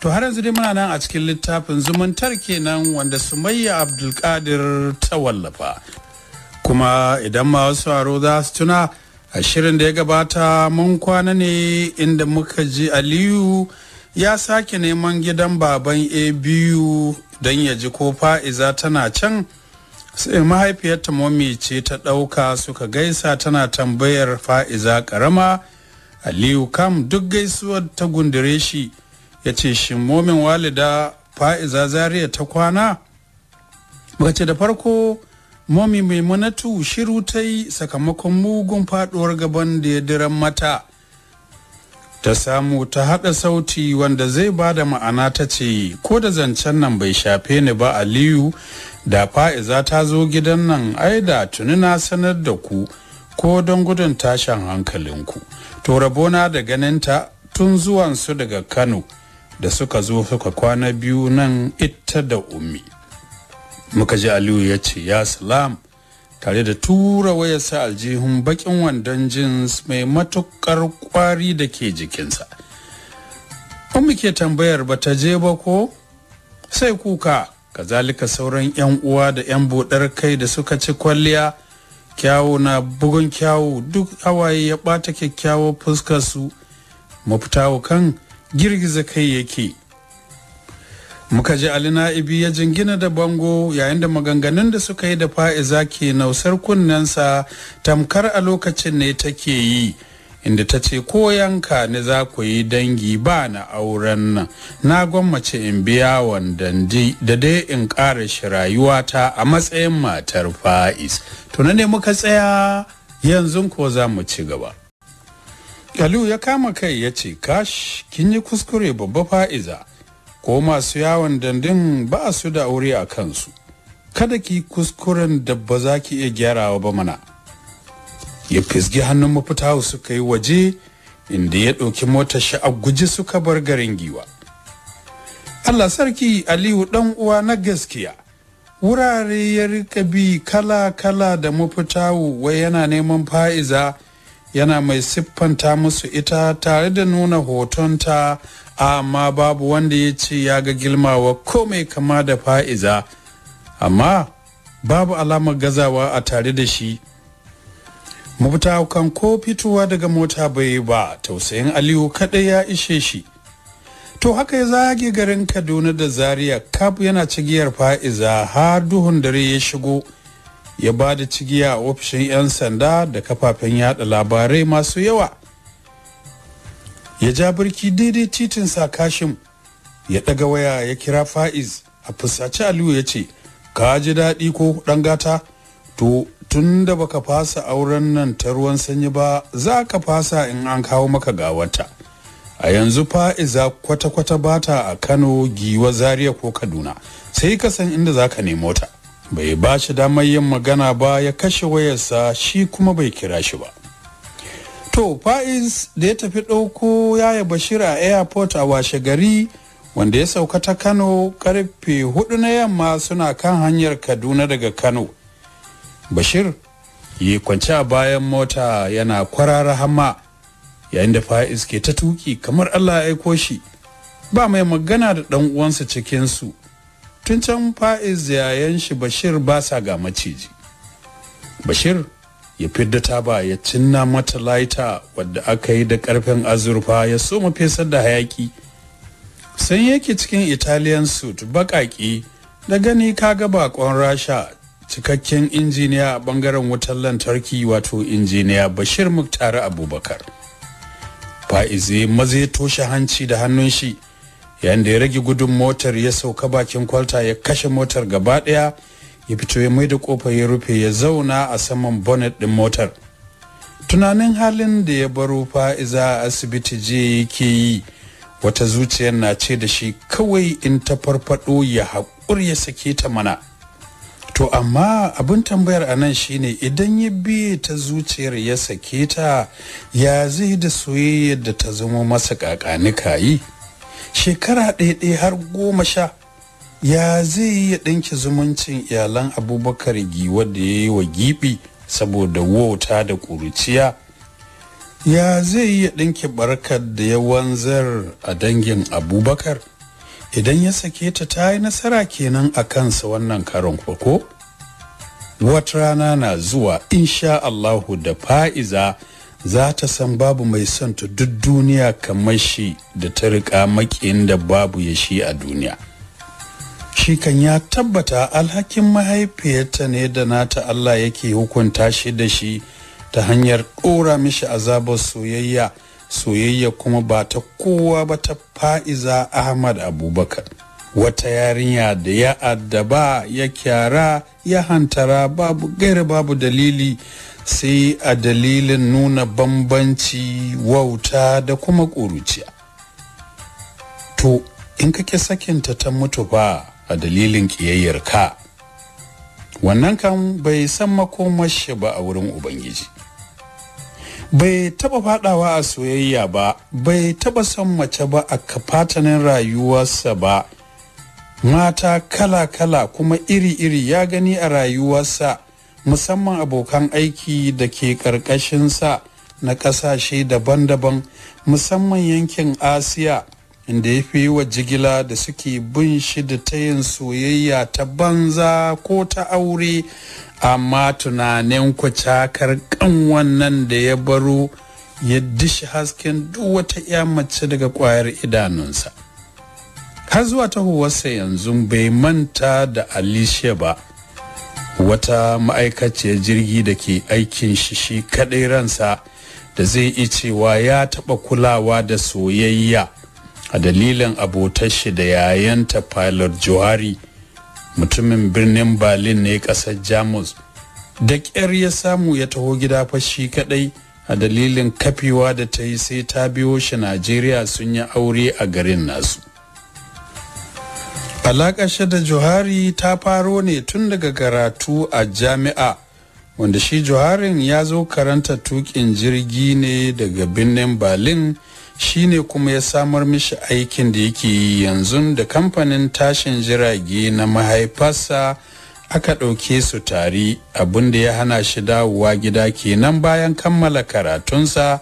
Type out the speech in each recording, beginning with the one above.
to har yanzu dai muna nan a cikin littafin zumuntar kenan wanda sumayya abdulkadir ta wallafa kuma idan ma wasu aro za su tuna a shirin da ya gabata mun kwana ne inda muka ji aliyu ya sake neman gidan baban a biyu don ya ji ko fa'iza tana can sai mahaifiyarta momi ce ta ɗauka suka gaisa tana tambayar fa'iza ƙarama aliyu kam duk gaisuwar ta gundure shi ya ce shimomin walida fa'iza zariya ta kwana bace da farko momi mai maimunatu shiru ta yi sakamakon mugun faduwar gaban da ya diran mata ta samu ta haɗa sauti wanda zai ba da ma'ana ta ce ko da zancen nan bai shafe ni ba aliyu da fa'iza ta zo gidan nan ai da tuni na sanar da ku ko don gudun tashin hankalinku to rabona da ganinta tun zuwansu daga kano da suka zo suka kwana biyu nan ita da umi muka ji aliyu ya ce ya salam tare da tura wayarsa aljihun bakin wandon jins mai matukar kwari da ke jikinsa ummi ke tambayar ba ta je ba ko sai kuka kazalika sauran 'yan uwa da 'yan buɗar kai da suka ci kwalliya kyawu na bugun kyawu duk hawaye ya ɓata kyakkyawar fuskarsu su mafitawo kan girgiza kai yake muka ji ali na'ibi ya jingina da bango yayin da maganganun da suka yi da fa'iza ke nausar kunnensa tamkar a lokacin ne take yi inda ta ce ko yanka ne za ku yi dangi ba na auren nan na gwammace in biya wandandi da dai in ƙara shi rayuwata a matsayin matar fa'is to ne muka tsaya yanzu ko za mu ci gaba kalu ya kama kai ya ce kash kin yi kuskure babba fa'iza ko masu yawon dandin ba su da aure a kansu kada ki kuskuren da ba za ki iya gyarawa ba mana ya fisgi hannun mafita suka yi waje inda ya ɗauki mota shi a guji suka bar garin giwa Allah sarki Aliyu ɗan uwa na gaskiya wurare ya rika bi kala kala da mafita wai yana neman fa'iza yana mai siffanta musu ita tare da nuna hotonta amma babu wanda ya ce ya ga gilmawa komai kama da fa'iza amma babu alamar gazawa a tare da shi mafita kan ko fitowa daga mota bai ba tausayin aliyu kaɗai ya ishe shi to haka ya zage garin kaduna da zaria kab yana cigiyar fa'iza har duhun dare ya shigo ya ba da cigiya a ofishin 'yan sanda da kafafen yada labarai masu yawa ya ja birki daidai titin sa kashim ya daga waya ya kira fa'iz a fusace aliyu ya ce ka ji daɗi ko ɗan gata to tun da baka fasa auren nan ta ruwan sanyi ba za ka fasa in an kawo maka gawata a yanzu fa'iza kwata-kwata bata a kano giwa zaria ko kaduna sai ka san inda za ka nemo ta bai ba shi damar yin magana ba ya kashe wayarsa shi kuma bai kira shi ba to fa'iz da ya tafi ɗauko yaya bashir a airport a washe gari wanda ya sauka ta kano karfe hudu na yamma suna kan hanyar kaduna daga kano bashir yi kwanci a bayan mota yana kwarara hama yayin da fa'iz ke ta tuki kamar allah ya aiko shi ba mai magana da ɗan uwansa cikinsu tun can fa'iz yayan shi bashir ba sa ga maciji bashir ya fidda taba ya cinna mata laita wadda aka yi da karfin azurfa ya so mu fesar da hayaki sai yake cikin italian suit bakaki da gani ga bakon rasha cikakken injiniya a bangaren wutar lantarki wato injiniya bashir muktar abubakar Fa'iz fa'ize maze toshe hanci da hannun shi yayin da ya rage gudun motar ya sauka bakin kwalta ya kashe motar gaba daya ya fito ya mai da kofar ya rufe ya zauna a saman bonnet din motar tunanin halin da ya baro fa'iza a asibiti je yake yi wata zuciyar na ce da shi kawai in ta farfado ya haƙur ya sake ta mana to amma abin tambayar a nan shine idan ya bi ta zuciyar ya sake ta ya zai da soyayyar da ta zama masa kakanika yi shekara ɗaya har goma sha ya zai yi ya ɗinke zumuncin iyalan abubakar giwa da ya yi wa gibi saboda wauta da ƙuruciya ya zai yi ya ɗinki barkar da ya wanzar a dangin abubakar idan ya sake ta ta yi nasara kenan a kansa wannan karon ko wata rana na zuwa insha Allahu da fa'iza za ta san babu mai son ta duk duniya kamar shi da ta riƙa maƙiyin da babu ya shi a duniya shi kan ya tabbata alhakin mahaifiyarta ne da nata Allah yake hukunta shi da shi ta hanyar ɗora mishi azabar soyayya soyayya kuma ba ta kowa ba ta fa'iza ahmad abubakar wata yarinya da ya addaba ya kyara ya hantara babu gaira babu dalili sai a dalilin nuna bambanci wauta da kuma ƙuruciya to in kake sakinta ta mutu ba a dalilin ƙiyayyar ka wannan kan bai san makomashi ba a wurin ubangiji bai taba fadawa a soyayya ba bai taba son mace ba a kafatanin rayuwarsa ba mata kala-kala kuma iri-iri ya gani a rayuwarsa musamman abokan aiki da ke sa na ƙasashe daban-daban musamman yankin asiya inda ya fi wa jigila da suke bin shi da ta yin soyayya ta banza ko ta aure amma tunanin ku cakar kan wannan da ya baro ya dishi hasken duk wata 'ya mace daga kwayar idanunsa har zuwa huwarsa yanzu bai manta da alishe ba wata ma'aikaciyar jirgi da ke aikin shi shi kadai ransa da zai iya cewa ya taɓa kulawa da soyayya a dalilin abotar shi da yayanta pilot johari mutumin birnin berlin ne kasar jamus da ƙyar ya samu ya taho gida fa shi kadai a dalilin kafewa da ta yi sai ta biyo shi najeriya sun yi aure a garin nasu Alaƙar da Johari ta faro ne tun daga karatu a jami'a wanda shi Joharin ya zo karanta tukin jirgi ne daga birnin Berlin shine kuma ya samar mishi aikin da yake yi yanzu da kamfanin tashin jirage na mahaifarsa aka ɗauke su tari abinda ya hana shi dawowa gida kenan bayan kammala karatunsa.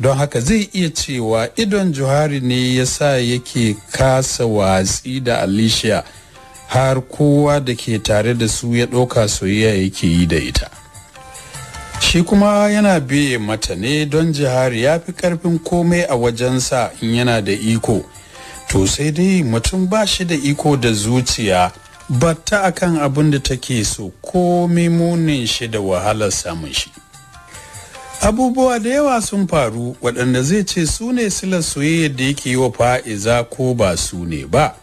don haka zai iya cewa idon juhari ne ya sa yake kasa watsi da alicia har kowa da ke tare da su ya ɗauka soyayya yake yi da ita shi kuma yana biye mata ne don jihari ya fi karfin komai a wajensa in yana da iko to sai dai mutum ba shi da iko da zuciya batta akan abin da take so ko mimunin shi da wahalar samun shi abubuwa da yawa sun faru waɗanda zai ce su ne silar soyayyar da yake yi wa fa'iza ko ba su ne ba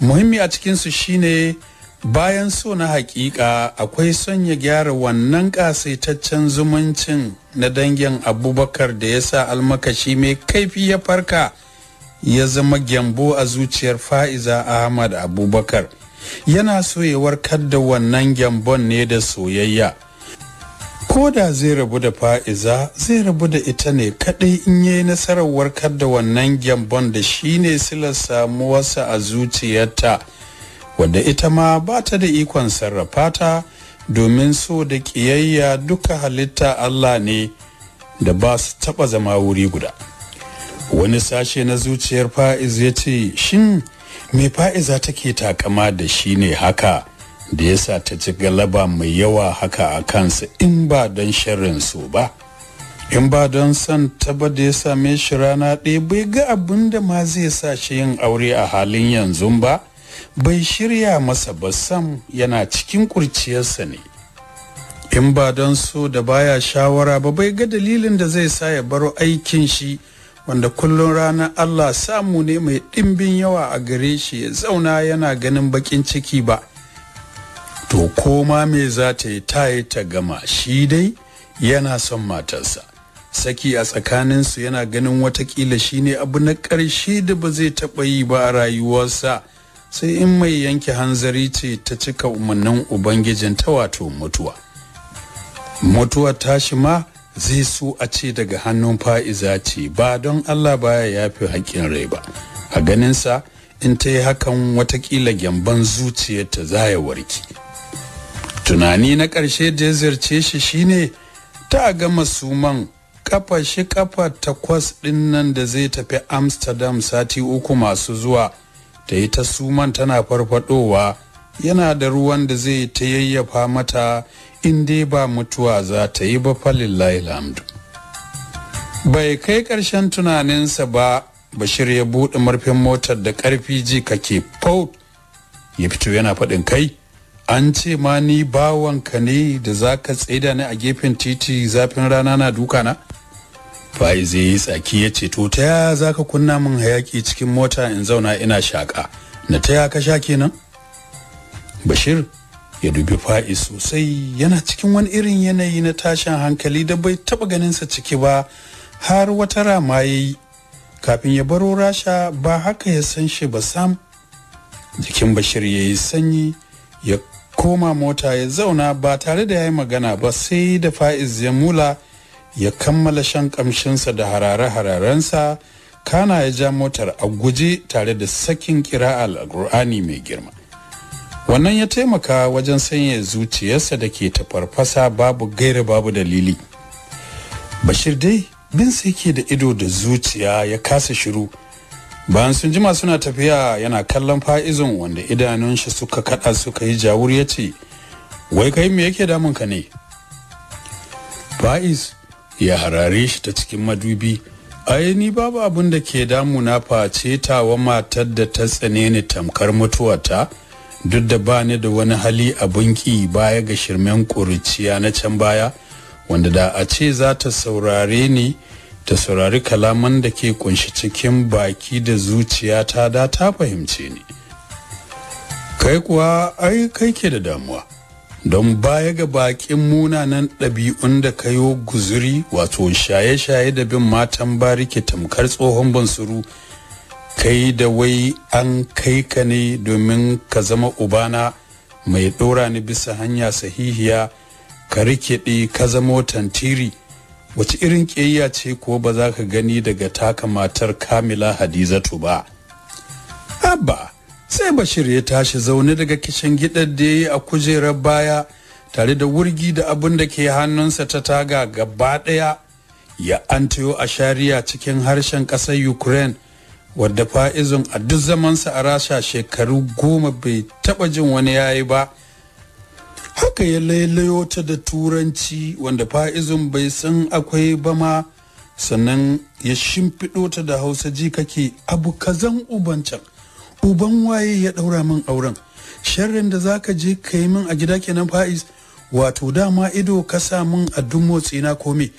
muhimmi a cikinsu shine bayan so na hakika akwai son ya gyara wannan ƙasaitaccen zumuncin na dangin abubakar da ya sa almakashi mai kaifi ya farka ya zama gyambo a zuciyar fa'iza ahmad abubakar yana so ya warkar da wannan gyambon ne da soyayya ko zai rabu da fa'iza zai rabu da ita ne kaɗai in ya yi nasarar warkar da wannan gyambon da shi shine silar wasa a zuciyarta wanda ita ma ba ta da ikon sarrafa ta domin so da ƙiyayya duka halitta Allah ne da ba su taɓa zama wuri guda wani sashe na zuciyar fa'iz ya ce shin me fa'iza take takama da shi ne haka da ya sa ta ci galaba mai yawa haka a kansa in ba don sharrin su ba in ba don son taba da ya same shi rana ɗaya bai ga abin da ma zai sa shi yin aure a halin yanzu ba bai shirya masa ba sam yana cikin kurciyarsa ne in ba don so da baya shawara ba bai ga dalilin da zai sa ya baro aikin shi wanda kullum rana Allah samu ne mai ɗimbin yawa a gare shi ya zauna yana ganin bakin ciki ba to koma me za ta yi ta yi ta gama shi dai yana son matarsa saki a tsakaninsu yana ganin watakila shine abu na ƙarshe da ba zai taɓa yi ba a rayuwarsa sai in mai yanke hanzari ce ta cika umarnin ubangijin ta wato mutuwa mutuwa tashi ma zai so a ce daga hannun fa'iza ce ba don allah baya yafi haƙƙin rai ba a ganinsa in ta yi hakan watakila gyamban zuciyarta za ya warke tunani na ƙarshe da ya ziyarce shi shine ta ga masuman kafa shi kafa takwas ɗin nan da zai tafi amsterdam sati uku masu zuwa ta yi ta suman tana farfadowa yana da ruwan da zai ta yayyafa mata in dai ba mutuwa za ta yi ba layi lamdu bai kai ƙarshen tunaninsa ba bashir ya buɗe marfin motar da ƙarfi ji kake fau ya fito yana faɗin kai an ce ma ni bawanka ne da za ka tsaida ni a gefen titi zafin rana na duka na fai zai yi tsaki ya ce to ta ya za ka kunna min hayaki cikin mota in zauna ina shaƙa na ta ya ka sha kenan bashir ya dubi Fai sosai yana cikin wani irin yanayi na tashin hankali da bai taɓa ganinsa ciki ba har wata rama ya yi kafin ya baro rasha ba haka ya san shi ba sam jikin bashir ya yi sanyi ya koma mota ya zauna ba tare da ya yi magana ba sai da fa'iz ya mula ya kammala shan kamshinsa da harare-hararensa kana ya ja motar a guje tare da sakin kira al'ur'ani mai girma wannan ya taimaka wajen sanya zuciyarsa da ke tafarfasa babu gaira babu dalili bashir dai bin sai ke da ido da zuciya ya kasa shiru bayan sun jima suna tafiya yana kallon fa'izin wanda idanun shi suka kada suka yi jawur ya ce wai kai me yake damun ka ne fa'iz ya harare shi ta cikin madubi ai ni babu abin da ke damuna face tawa matar da ta tsane ni tamkar mutuwata duk da ba ni da wani hali a bunki baya ga shirmen ƙuruciya na can baya wanda da a ce za ta saurare ni ta saurari kalaman da ke kunshi cikin baki da zuciya ta da ta fahimce ni kai kuwa ai kai ke da damuwa don baya ga bakin munanan ɗabi'un da kayo guzuri wato shaye-shaye da bin matan barike tamkar tsohon bansuru kai da wai an kai ka ne domin ka zama ubana mai ɗora ni bisa hanya sahihiya ka rikiɗe ka zama watan Tiri. wace irin ƙiyayya ce ko ba za ka gani daga taka matar kamila hadizatu ba abba sai bashir ya tashi zaune daga kishin gidan da ya yi a kujerar baya tare da wurgi da abun da ke hannunsa ta taga gaba ɗaya ya antayo a shari'a cikin harshen ƙasar ukraine wadda fa'izun a duk zamansa a rasha shekaru goma bai taɓa jin wani yayi ba haka ya lailayo ta da turanci wanda fa'izun bai san akwai ba ma sannan ya shimfiɗo ta da hausa ji kake abu kazan uban can uban waye ya ɗaura min auren sharrin da za ka je ka yi min a gida kenan fa'iz wato dama ido ka sa min a duk motsi na kome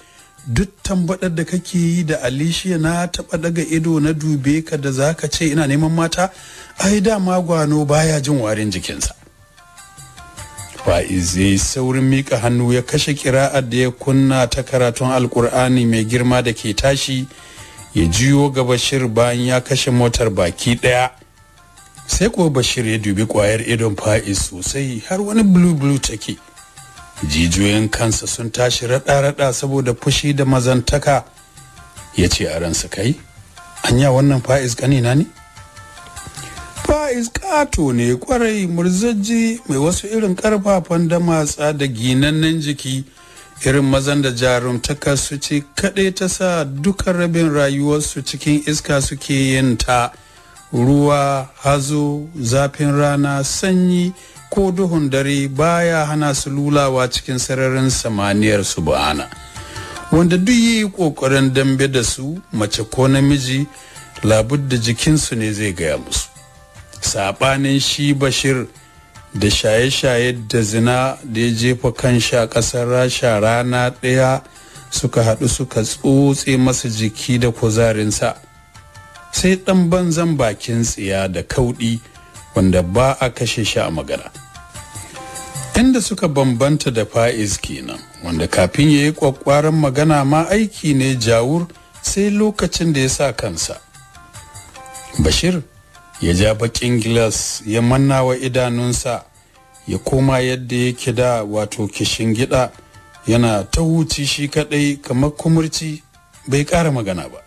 duk tambaɗar da kake yi da alishiya na taɓa daga ido na dube ka da za ka ce ina neman mata ai dama gwano baya jin warin jikinsa Faiz zai saurin mika hannu ya kashe kira'ar da ya kunna ta karatun alkur'ani mai girma da ke tashi ya jiyo ga Bashir bayan ya kashe motar baki ɗaya. Sai kuwa Bashir ya dubi kwayar idon Faiz sosai har wani blue blue take. Jijiyoyin kansa sun tashi raɗa-raɗa saboda fushi da mazantaka. Ya ce a ransa kai, anya wannan Faiz ƙanina ne? Faiz Kato ne kwarai murzaji mai wasu irin karfafan da matsa da ginannen jiki irin mazan da jarumtaka su ce kaɗai ta sa duka rabin rayuwarsu cikin iska suke yin ta ruwa hazo zafin rana sanyi ko duhun dare baya hana su lulawa cikin sararin samaniyar su ba'ana wanda duk yi ƙoƙarin dambe da su mace ko namiji labudda jikinsu ne zai gaya musu saɓanin shi bashir da shaye-shaye da zina da ya jefa kan sha ƙasar rasha rana ɗaya suka haɗu suka tsotse masa jiki da kuzarinsa sai ɗan banzan bakin tsiya da kauɗi wanda ba a kashe shi a magana inda suka bambanta da fa'iz kenan wanda kafin ya yi kwakwaran magana ma aiki ne jawur sai lokacin da ya sa kansa bashir ya ja bakin gilas ya manna wa idanunsa ya koma yadda yake da wato kishin gida yana ta wuce shi kadai kamar kumurci bai ƙara magana ba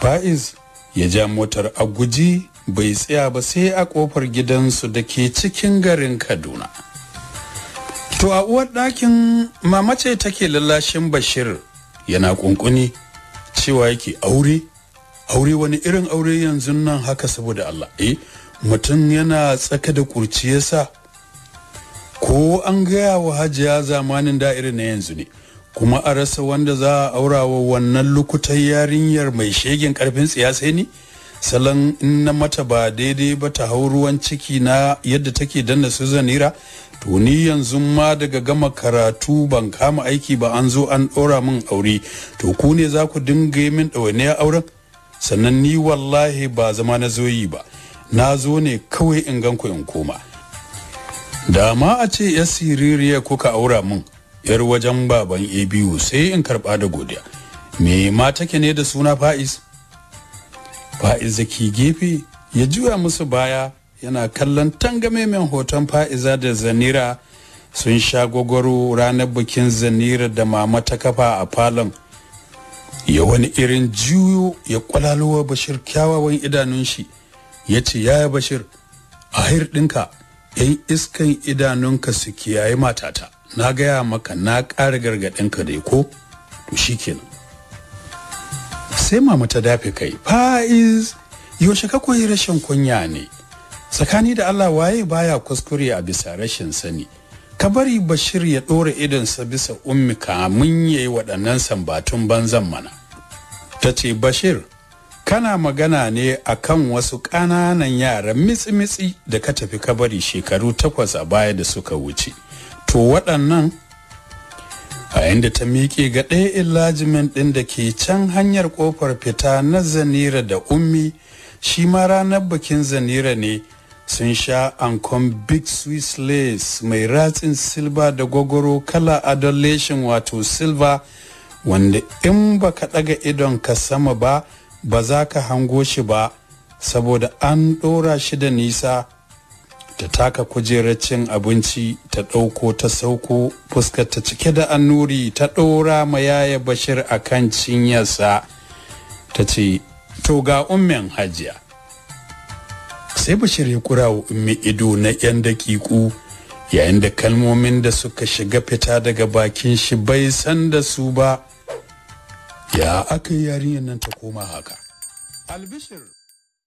fa'iz ya ja motar a guji bai tsaya ba sai a ƙofar gidansu da ke cikin garin kaduna to a uwar ɗakin mamace take lallashin bashir yana ƙunƙuni cewa yake aure aure wani irin aure yanzu nan haka saboda Allah eh mutum yana tsaka da kurciyarsa ko an gaya wa hajiya zamanin da'irin na yanzu ne kuma a rasa wanda za a aura wa wannan lukutan yarinyar mai shegen karfin sai ne salon in na mata ba daidai ba ta hau ruwan ciki na yadda take danna su zanira to ni yanzu ma daga gama karatu ban kama aiki ba an zo an ɗora min aure to ku ne za ku dinga yi min ɗawainiyar auren sannan ni wallahi ba zama na zo yi ba na zo ne kawai in ganku in koma da ma a ce ya siririya kuka aura min yar wajen baban abu sai in karba da godiya me ma take ne da suna fa'is fa'iz da ke gefe ya juya musu baya yana kallon tangamemen hoton fa'iza da zanira sun sha gwagwaro ranar bikin zanira da mama ta kafa a falon ya wani irin juyo ya kwalaluwa bashir kyawawan idanun shi ya ce yaya bashir a ɗinka yan iskan idanunka su kiyaye matata na gaya maka na ƙara gargaɗinka da ko to shikenan sai mama ta dafe kai fa'iz yaushe ka koyi rashin kunya ne tsakani da Allah waye baya kuskure a bisa rashin sani ka bari bashir ya ɗora idonsa bisa ummi kamun yi waɗannan sambatun banzan mana ta ce bashir kana magana ne a kan wasu ƙananan yaran mitsi-mitsi da ka tafi kabari shekaru takwas a baya da suka wuce to waɗannan a inda ta miƙe ga ɗaya illajimin ɗin da ke can hanyar ƙofar fita na zanira da ummi shi ma ranar bikin zanira ne sun sha ankon big swiss lace mai ratsin silba da gwagwaro kala adolescent wato silver wanda in ba ka ɗaga idon ka sama ba ba za ka hango shi ba saboda an ɗora shi da nisa ta taka kujerar cin abinci ta ɗauko ta sauko fuskar ta cike da annuri ta ɗora ma yaya bashir a kan cinyarsa ta ce to ga ummin hajiya sai bashir ya kura wa ummi ido na 'yan dakiku yayin da kalmomin da suka shiga fita daga bakin shi bai san da su ba Ya aka yi yarinyar nan ta koma haka? Albishir.